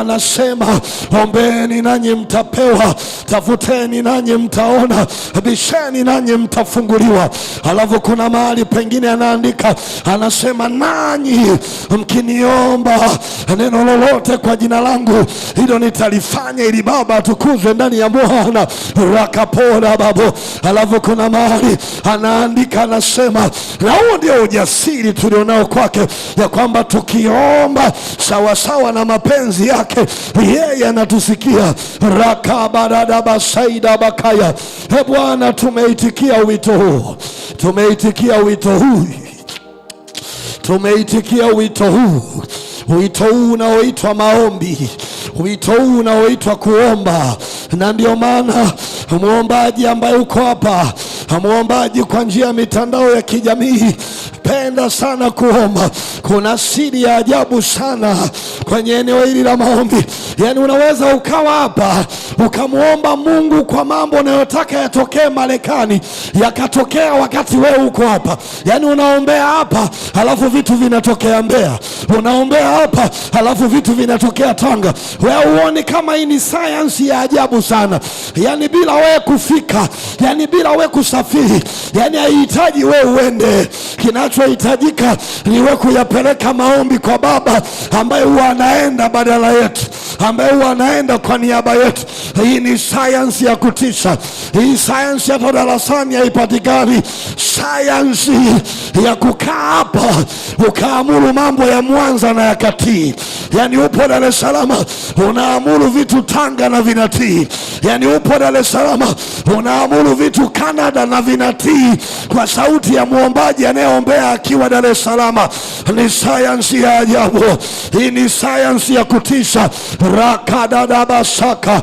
anasema ombeni nanyi mtapewa, tafuteni nanyi mtaona, bisheni nanyi mtafunguliwa. Alafu kuna mahali pengine anaandika anasema, nanyi mkiniomba neno lolote kwa jina langu, hilo nitalifanya ili Baba atukuzwe ndani ya Bwana rakapora babo. Alafu kuna mahali anaandika anasema, na huo ndio ujasiri tulionao kwake, ya kwamba tukiomba sawasawa na mapenzi ya yake yeye anatusikia rakabaradabasaida bakaya. E Bwana, tumeitikia wito huu, tumeitikia wito huu, tumeitikia wito huu, wito huu unaoitwa maombi, wito huu unaoitwa kuomba, na ndio maana mwombaji ambaye uko hapa, mwombaji kwa njia ya mitandao ya kijamii Napenda sana kuomba. Kuna siri ya ajabu sana kwenye eneo hili la maombi. Yani unaweza ukawa hapa ukamwomba Mungu kwa mambo unayotaka yatokee Marekani, yakatokea wakati wewe uko hapa. Yani unaombea hapa halafu vitu vinatokea Mbeya, unaombea hapa halafu vitu vinatokea Tanga. Wewe uone kama hii ni sayansi ya ajabu sana? Yani bila wewe kufika, yani bila wewe kusafiri, yani haihitaji wewe uende. Kinachohitajika ni wewe kuyapeleka maombi kwa Baba ambaye huwa anaenda badala yetu ambaye wanaenda kwa niaba yetu. Hii ni sayansi ya kutisha. Hii sayansi hata darasani haipatikani, sayansi ya kukaa hapa ukaamuru mambo ya Mwanza na ya Katii. Yani upo Dar es Salaam unaamuru vitu Tanga na vinatii. Yani upo Dar es Salaam unaamuru vitu Kanada na vinatii kwa sauti ya mwombaji anayeombea akiwa Dar es Salaam. Ni sayansi ya ajabu hii, ni sayansi ya kutisha rakadadabasaka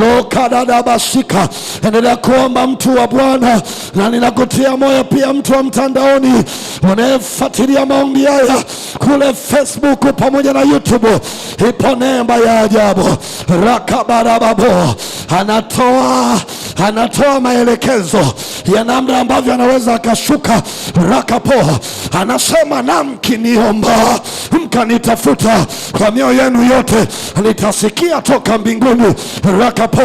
rokadadabasika. Endelea kuomba mtu wa Bwana, na ninakutia moyo pia mtu wa mtandaoni unayefuatilia maombi haya kule Facebook pamoja na YouTube. Ipo neema ya ajabu rakabarababo, anatoa anatoa maelekezo ya namna ambavyo anaweza akashuka rakapo, anasema namkiniomba mkanitafuta kwa mioyo yenu yote, litasikia toka mbinguni rakapo.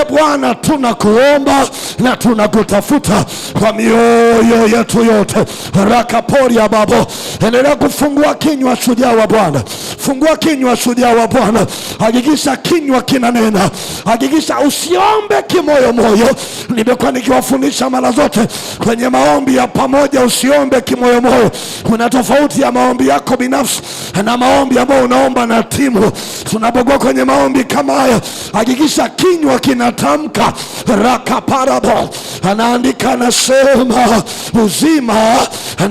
E Bwana, tunakuomba na tunakutafuta kwa mioyo yetu yote rakapori ya babo. Endelea kufungua kinywa shujaa wa Bwana, fungua kinywa shujaa wa Bwana, hakikisha kinywa kinanena, hakikisha usiombe kimoyomoyo. Nimekuwa nikiwafundisha mara zote kwenye maombi ya pamoja, usiombe kimoyomoyo. Kuna tofauti ya maombi yako binafsi na maombi ambayo unaomba na timu. Tunapokuwa kwenye maombi kama haya, hakikisha kinywa kinatamka rakaparabo, anaandika anasema, uzima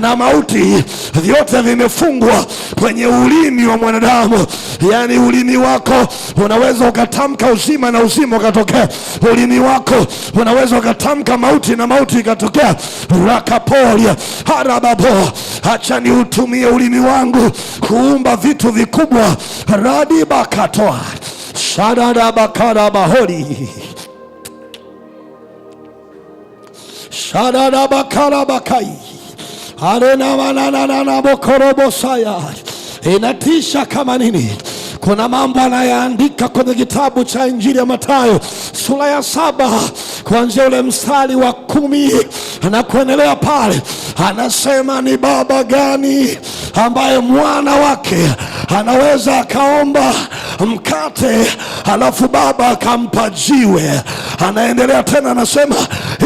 na mauti vyote vimefungwa kwenye ulimi wa mwanadamu. Yani ulimi wako unaweza ukatamka uzima na uzima ukatokea. Ulimi wako unaweza ukatamka mauti na mauti ikatokea. rakapolia harababo, hacha niutumie ulimi wangu kuumba vitu vikubwa radibakatoa shadadabakarabahori shadadabakarabakai arenamanananabokorobosaya inatisha kama nini? Kuna mambo anayaandika kwenye kitabu cha Injili ya Mathayo sura ya saba kuanzia ule mstari wa kumi na kuendelea pale, anasema ni baba gani ambaye mwana wake anaweza akaomba mkate halafu baba akampa jiwe? Anaendelea tena, anasema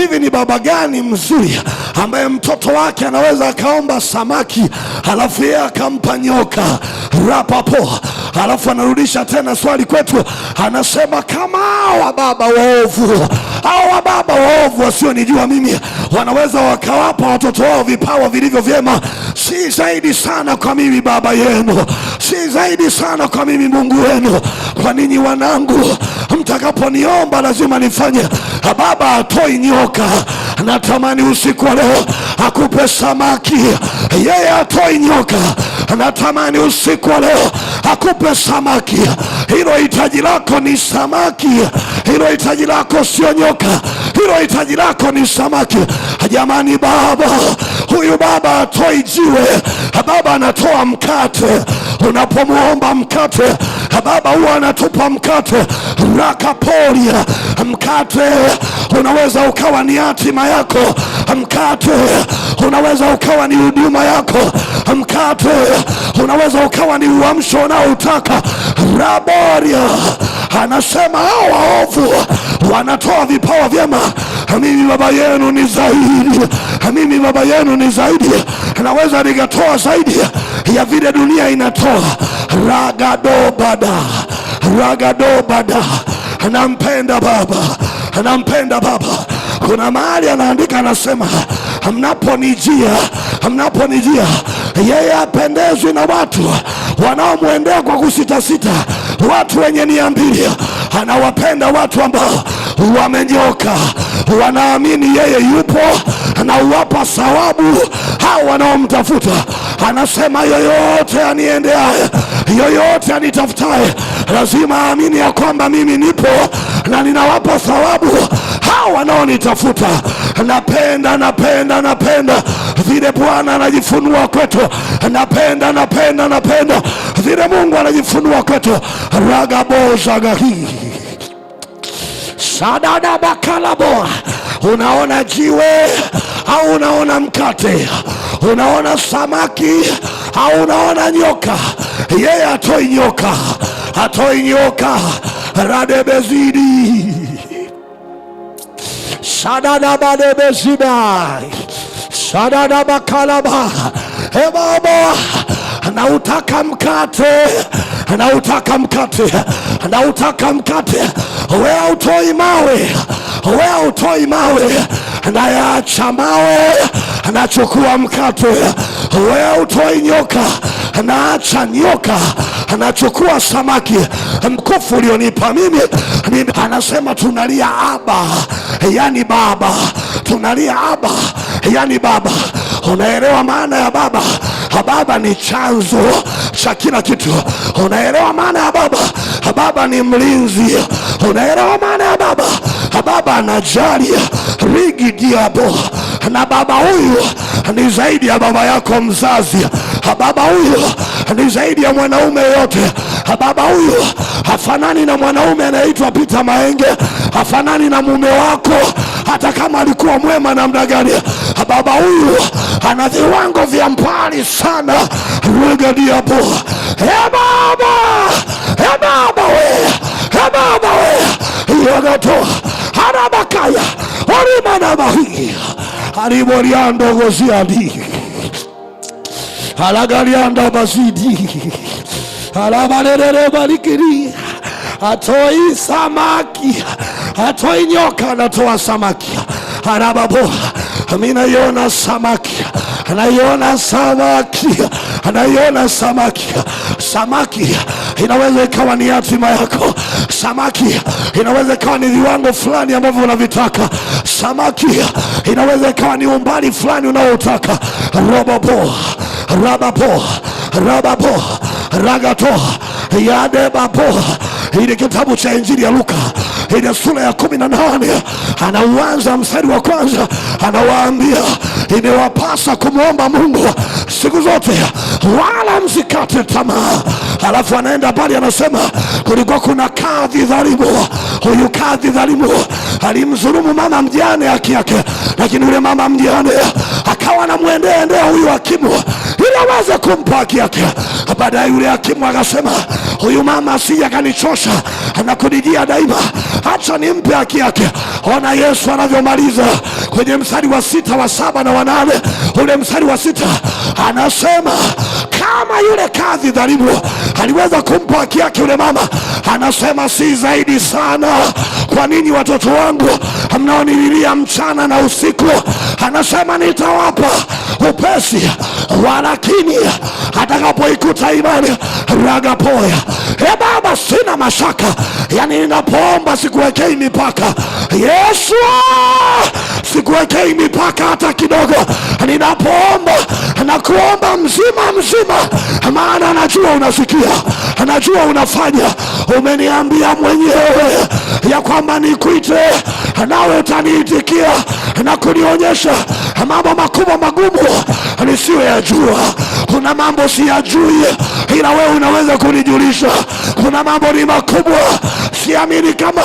hivi, ni baba gani mzuri ambaye mtoto wake anaweza akaomba samaki halafu yeye akampa nyoka? rapapo Alafu anarudisha tena swali kwetu, anasema kama hawa baba waovu, hawa baba waovu wasionijua mimi wanaweza wakawapa watoto wao vipawa vilivyo vyema, si zaidi sana kwa mimi baba yenu, si zaidi sana kwa mimi Mungu wenu? Kwa ninyi wanangu mtakaponiomba lazima nifanye. Baba atoi nyoka, natamani usiku wa leo akupe samaki. Yeye atoi nyoka, natamani usiku wa leo akupe samaki. Hilo hitaji lako ni samaki, hilo hitaji lako sio nyoka, hilo hitaji lako ni samaki. Jamani, baba huyu baba atoi jiwe, baba anatoa mkate. Unapomwomba mkate baba huwa anatupa mkate rakaporia. Mkate unaweza ukawa ni hatima yako, mkate unaweza ukawa ni huduma yako mkate unaweza ukawa ni uamsho unaoutaka. Raboria anasema hao waovu wanatoa vipawa vyema, mimi baba yenu ni zaidi, mimi baba yenu ni zaidi, naweza nikatoa zaidi ya vile dunia inatoa. Ragadobada, ragadobada, nampenda Baba, nampenda Baba. Kuna mahali anaandika anasema, mnaponijia, mnaponijia yeye apendezwi na watu wanaomwendea kwa kusitasita, watu wenye nia mbili. Anawapenda watu ambao wamenyoka, wanaamini yeye yupo na uwapa sawabu hao wanaomtafuta. Anasema yoyote aniendeaye, yoyote anitafutaye, lazima aamini ya kwamba mimi nipo na ninawapa sawabu hao wanaonitafuta napenda napenda napenda vile Bwana anajifunua kwetu, napenda napenda napenda vile Mungu anajifunua kwetu. ragabozagahii sadada Unaona jiwe au unaona mkate, unaona samaki au unaona nyoka, yeye atoi nyoka, atoi nyoka radebezidi shadadabadebeziba shadadabakalaba ebaba anautaka mkate anautaka mkate anautaka mkate, wea utoi mawe, wea utoi mawe, nayaacha mawe, nachukua mkate. Wea utoi nyoka, anaacha nyoka, nachukua samaki mkufu ulionipa mimi, mimi. Anasema tunalia Aba, yani Baba, tunalia Aba, yani Baba. Unaelewa maana ya baba? Baba ni chanzo cha kila kitu. Unaelewa maana ya baba? Baba ni mlinzi. Unaelewa maana ya baba? Baba anajali rigi diabo, na baba huyu ni zaidi ya baba yako mzazi. Baba huyu ni zaidi ya mwanaume yote baba huyu hafanani na mwanaume anayeitwa Peter Maenge, hafanani na mume wako, hata kama alikuwa mwema namna gani. Baba huyu ana viwango vya mbali sana. Rugadiapo e baba, e baba we, e baba we iyogato harabakaya orimanabahi hariboriandogoziadi halagaliandabazidi alabarererebarikiri atoi samaki atoi nyoka, anatoa samaki arababo. Minaiona samaki, anaiona samaki, anaiona samaki. Samaki inaweza ikawa ni hatima yako. Samaki inaweza ikawa ni viwango fulani ambavyo unavitaka. Samaki inaweza ikawa ni umbali fulani unaotaka. rababo rababo rababo ragatoa yadebapo Ile kitabu cha Injili ya Luka ile sura ya kumi na nane anauanza mstari wa kwanza, anawaambia imewapasa kumwomba Mungu siku zote, wala msikate tamaa. Alafu anaenda bali anasema kulikuwa kuna kadhi dhalimu. Huyu kadhi dhalimu alimdhulumu mama mjane haki yake, lakini yule mama mjane akawa anamwendea endea huyu hakimu ili aweze kumpa haki yake. Baadaye yule hakimu akasema, huyu mama asija akanichosha, anakunijia daima, hacha nimpe haki yake. Ona Yesu anavyomaliza kwenye mstari wa sita wa saba na wa nane ule mstari wa sita anasema kama yule kadhi dhalimu aliweza kumpa haki yake yule mama, anasema si zaidi sana? Kwa nini watoto wangu mnaonililia mchana na usiku? Anasema nitawapa upesi walakini atakapoikuta imani ragapoya. E eh, Baba, sina mashaka, yani ninapoomba sikuwekei mipaka Yesu, sikuwekei mipaka hata kidogo. Ninapoomba nakuomba mzima mzima, maana najua unasikia, najua unafanya. Umeniambia mwenyewe ya kwamba nikuite nawe utaniitikia na kunionyesha mambo makubwa magumu nisiyoyajua. Kuna mambo siyajui, ila wewe unaweza kunijulisha. Kuna mambo ni makubwa siamini kama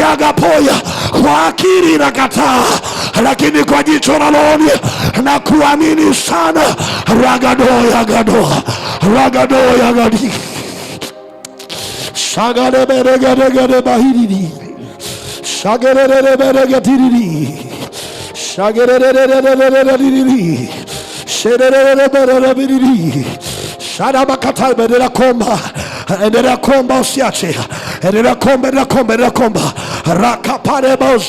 yagapoya kwa akili inakataa, lakini kwa jicho la rohoni na kuamini sana. ragado yagado ragado yagadi shagaleberegeregere bahiridi shagererereberegetiridi shagerererererererereriri endelea kuomba endelea komba usiache endelea kuomba endelea kuomba endelea komba rakaparebos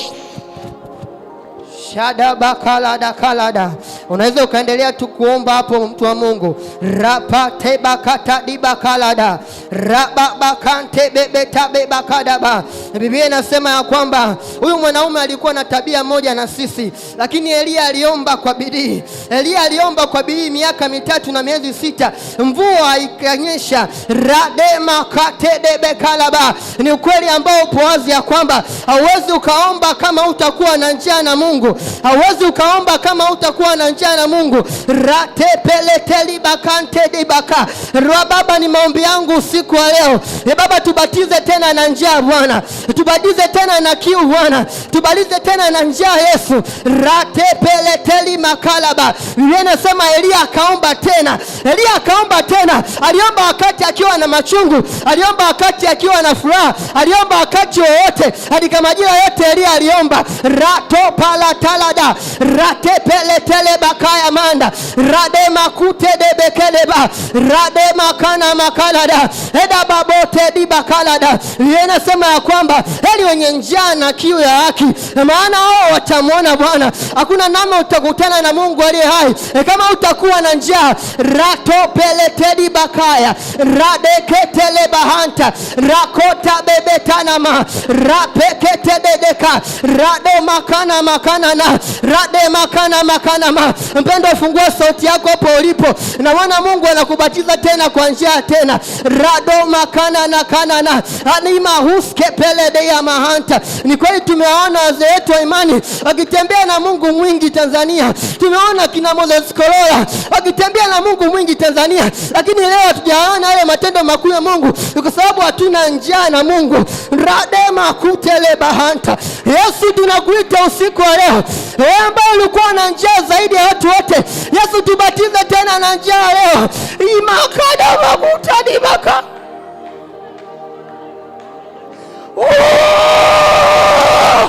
shadabakalada kalada. Unaweza ukaendelea tu kuomba hapo, mtu wa Mungu rapatebakatadibakalada rababakantebebetabebakadaba. Biblia inasema ya kwamba huyu mwanaume alikuwa na tabia moja na sisi, lakini Eliya aliomba kwa bidii. Eliya aliomba kwa bidii miaka mitatu na miezi sita, mvua ikanyesha rademakatedbekalaba. Ni ukweli ambao upo wazi ya kwamba hauwezi ukaomba kama utakuwa na njaa na Mungu. Hauwezi ukaomba kama utakuwa na njia na Mungu. ratepelekelibakanteibaka ra Baba, ni maombi yangu usiku wa leo. E Baba, tubatize tena na njaa Bwana, tubatize tena na kiu Bwana, tubatize tena na njaa Yesu. ratepeleteli makalaba Biblia inasema Eliya akaomba tena, Elia akaomba tena. Aliomba wakati akiwa na machungu, aliomba wakati akiwa na furaha, aliomba wakati wowote. Katika majira yote Elia aliomba ratopalata pele tele bakaya manda radema kutedebekeleba rade makana makalada eda babote dibakalada, yanasema ya kwamba heli wenye njaa na kiu ya haki, maana watamwona Bwana. Hakuna namna utakutana na Mungu aliye hai e, kama utakuwa na njaa ratopeletedi bakaya radeketelebahanta rakota bebetanama na rade makana makana ma. Mpendo, fungua sauti yako hapo ulipo, na Bwana Mungu anakubatiza tena kwa njia tena radomakanana kanana animahuskepeledea mahanta. Ni kweli tumewaona wazee wetu wa imani wakitembea na Mungu mwingi Tanzania. Tumeona kina Moses Kolola wakitembea na Mungu mwingi Tanzania, lakini leo hatujaona yale matendo makuu ya Mungu kwa sababu hatuna njaa na Mungu. radema kutele bahanta. Yesu, tunakuita usiku wa leo, wewe ambaye ulikuwa na njaa zaidi ya watu wote. Yesu, tubatize tena na njaa leo Oh!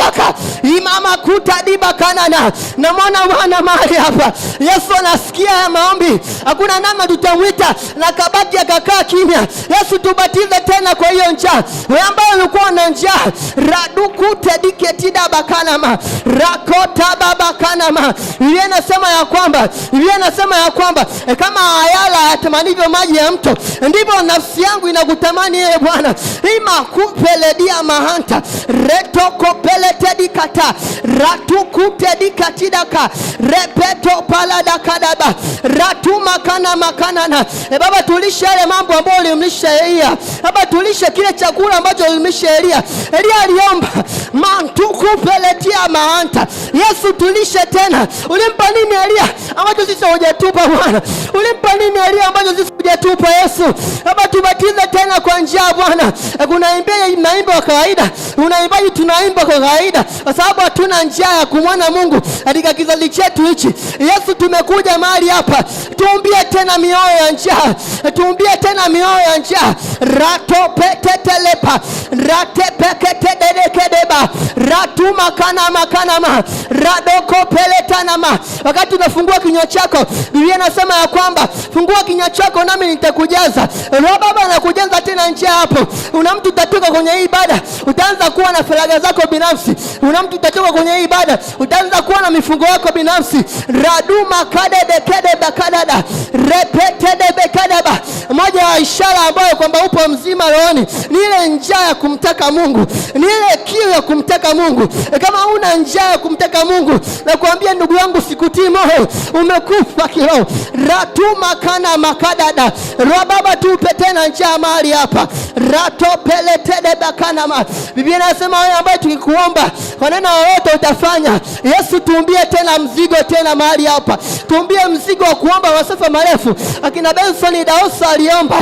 Madiba Kanana. Namwona wana mahali hapa, Yesu anasikia ya maombi, hakuna nama tutamwita na kabaki akakaa kimya. Yesu tubatize tena kwa hiyo njaa, wewe ambaye ulikuwa na njaa radukutediketidabakanama rakotababakanama. Biblia nasema ya kwamba Biblia nasema ya kwamba e, kama ayala yatamanivyo maji ya mto, ndivyo nafsi yangu inakutamani yeye Bwana. ima kupeledia mahanta retoko retokopeletedik kata ratu kupte dikatidaka repeto paladakadaba ratu makana makanana. E eh, Baba, tulisha yale mambo ambayo ulimlisha Elia. Baba, tulisha kile chakula ambacho ulimlisha Elia. Elia aliomba mantukupeletia maanta. Yesu, tulishe tena. Ulimpa nini Elia ambacho sisi hujatupa Bwana? Ulimpa nini Elia ambacho sisi hujatupa Yesu? Baba, tubatize tena kwa njia Bwana. Eh, Kunaimba naimba kwa kawaida, unaimbaji tunaimba kwa kawaida, kwa sababu hatuna njia ya kumwona Mungu katika kizazi chetu hichi. Yesu, tumekuja mahali hapa tuumbie tuumbie tena mioyo ya njaa, tuumbie tena mioyo ya njaa. ratopetetelepa ratepeketededekedeba ratumakanamakana radokopeletanama. Wakati unafungua kinywa chako, Biblia inasema ya kwamba fungua kinywa chako nami nitakujaza. Roho Baba anakujaza tena njia hapo. Una mtu utatoka kwenye hii ibada, utaanza kuwa na faraga zako binafsi. Una mtu utatoka kwenye hii ibada, utaanza kuwa na mifungo yako binafsi. raduma kadede kede bakadada repekedebekadaba. Moja ya ishara ambayo kwamba upo mzima rohoni ni ile njaa ya kumtaka Mungu, ni ile kiu ya kumtaka Mungu. E, kama una njaa ya kumtaka Mungu, nakwambia ndugu yangu, sikutii moyo, umekufa kiroho. ratuma kana makadada rababa tupe tena njaa mahali hapa ratopeletedebakanama. Biblia inasema wewe ambaye tukikuomba kwa neno lolote utafanya. Yesu, tuumbie tena mzigo tena mahali hapa, tuumbie mzigo wa kuomba wasafa marefu. Akina Benson Daosa aliomba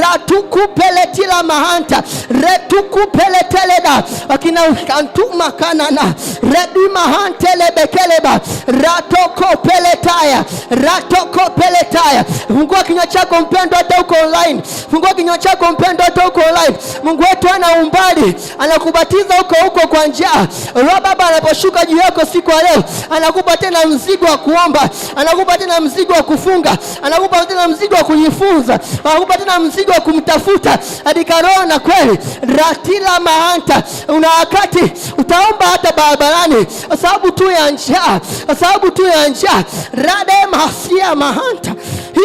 ratukupeletila mahanta retukupeleteleda akina kantuma kanana redimahantelebekeleba ratokopeletaya ratokopeletaya. Fungua kinywa chako mpendo, hata uko online. Fungua kinywa chako mpendo, hata uko online. Mungu wetu ana umbali, anakubatiza huko huko kwa njia Roho Baba anaposhuka juu yako siku ya leo, anakupa tena mzigo wa kuomba, anakupa tena mzigo wa kufunga, anakupa tena mzigo wa kujifunza, anakupa tena mzigo wa kumtafuta katika roho na kweli. ratila mahanta, una wakati utaomba hata barabarani, kwa sababu tu ya njaa, kwa sababu tu ya njaa. rademasia mahanta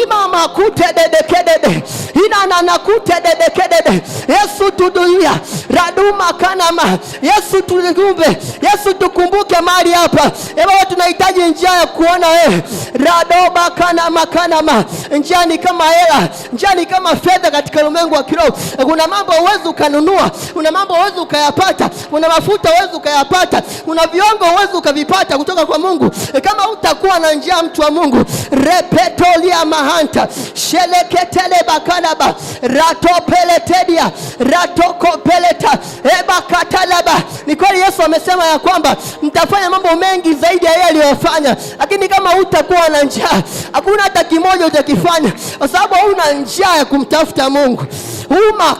imamakutededekedede inananakutededekedede Yesu tuduia raduma kanama Yesu tulikumbe Yesu tukumbuke mali hapa, ebawa tunahitaji njia ya kuona wewe radoba kanama kanama kama njia ni kama hela, njia ni kama fedha katika ulimwengu wa kiroho. Kuna mambo huwezi ukanunua, kuna mambo huwezi ukayapata, kuna mafuta huwezi ukayapata, kuna viongo huwezi ukavipata kutoka kwa Mungu e, kama utakuwa na njia, mtu wa Mungu. repetolia mahanta sheleketele bakalaba ratopeletedia ratokopeleta ebakatalaba. Ni kweli Yesu amesema ya kwamba mtafanya mambo mengi zaidi ya yeye aliyofanya, lakini kama utakuwa na njia, hakuna hata kimoja bado hujakifanya kwa sababu hauna njia ya kumtafuta Mungu.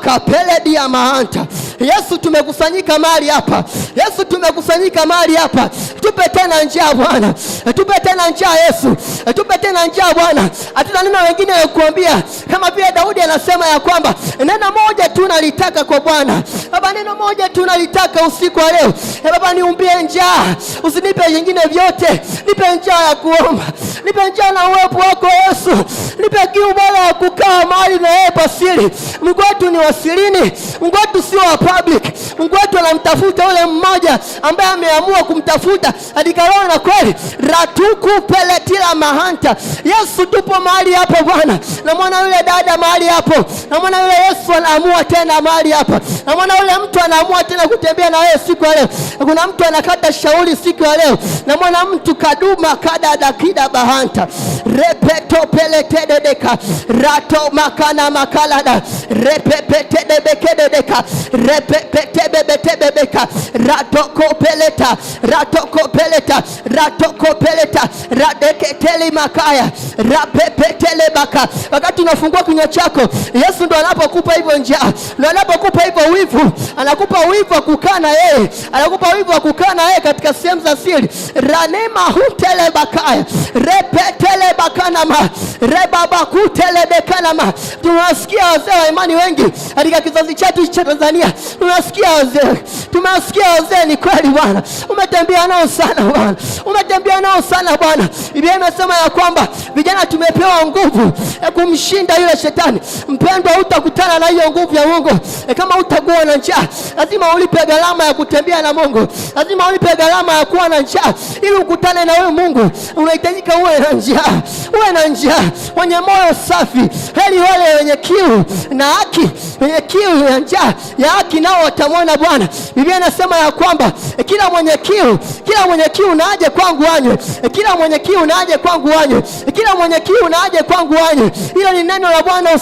kapele dia mahanta Yesu, tumekusanyika mahali hapa. Yesu, tumekusanyika mahali hapa. Tupe tena njaa Bwana, tupe tena njaa Yesu, tupe tena njaa Bwana. Hatuna neno wengine ya kuambia, kama vile Daudi anasema ya kwamba neno moja tu nalitaka kwa Bwana. Baba, neno moja tu nalitaka usiku wa leo. E Baba, niumbie njaa, usinipe vingine vyote, nipe njaa ya kuomba, nipe njaa na uwepo wako Yesu, nipe kiu wa kukaa mahali na yeye pasiri. Mungu wetu ni wasirini, Mungu wetu sio wa public. Mungu wetu anamtafuta yule mmoja ambaye ameamua kumtafuta katika roho na kweli. ratuku ratukupeletila mahanta Yesu, tupo mahali hapo Bwana, namwona yule dada mahali hapo, namwona yule Yesu anaamua tena mahali hapa, namwona yule mtu anaamua tena kutembea na wewe siku ya leo. Kuna mtu anakata shauri siku ya leo, namwona mtu kaduma kada dakida bahanta repeto repetopelekededeka rato makana makalada repepetedebekededeka repepetebebetebebeka ratokopeleta ratokopeleta ratokopeleta radeketeli makaya rapepetelebaka. Wakati unafungua kinywa chako, Yesu ndo anapokupa hivyo njaa, ndo anapokupa hivyo wivu, anakupa wivu wa kukaa na yeye, anakupa wivu wa kukaa na yeye katika sehemu za siri ranema hutelebakaya repetelebakana ma rebabakutele dekalama. Tunawasikia wazee wa imani wengi katika kizazi chetu cha Tanzania, tunawasikia wazee, tumewasikia wazee. Ni kweli Bwana, umetembea nao sana Bwana, umetembea nao sana Bwana. Biblia imesema ya kwamba vijana tumepewa nguvu ya kumshinda yule shetani. Mpendwa, utakutana na hiyo nguvu ya Mungu. E, kama utakuwa na njaa, lazima ulipe gharama ya kutembea na Mungu, lazima ulipe gharama ya kuwa na njaa ili ukutane na huyo Mungu. Unahitajika uwe na njaa, uwe na njaa, wenye moyo safi hivi, Heri wale wenye kiu na haki, wenye kiu na njaa ya haki, nao watamwona Bwana. Biblia inasema ya kwamba e, kila mwenye kiu, kila mwenye kiu na aje kwangu anywe, e, kila mwenye kiu na aje kwangu anywe, e, kila mwenye kiu na aje kwangu anywe. Hilo ni neno la Bwana.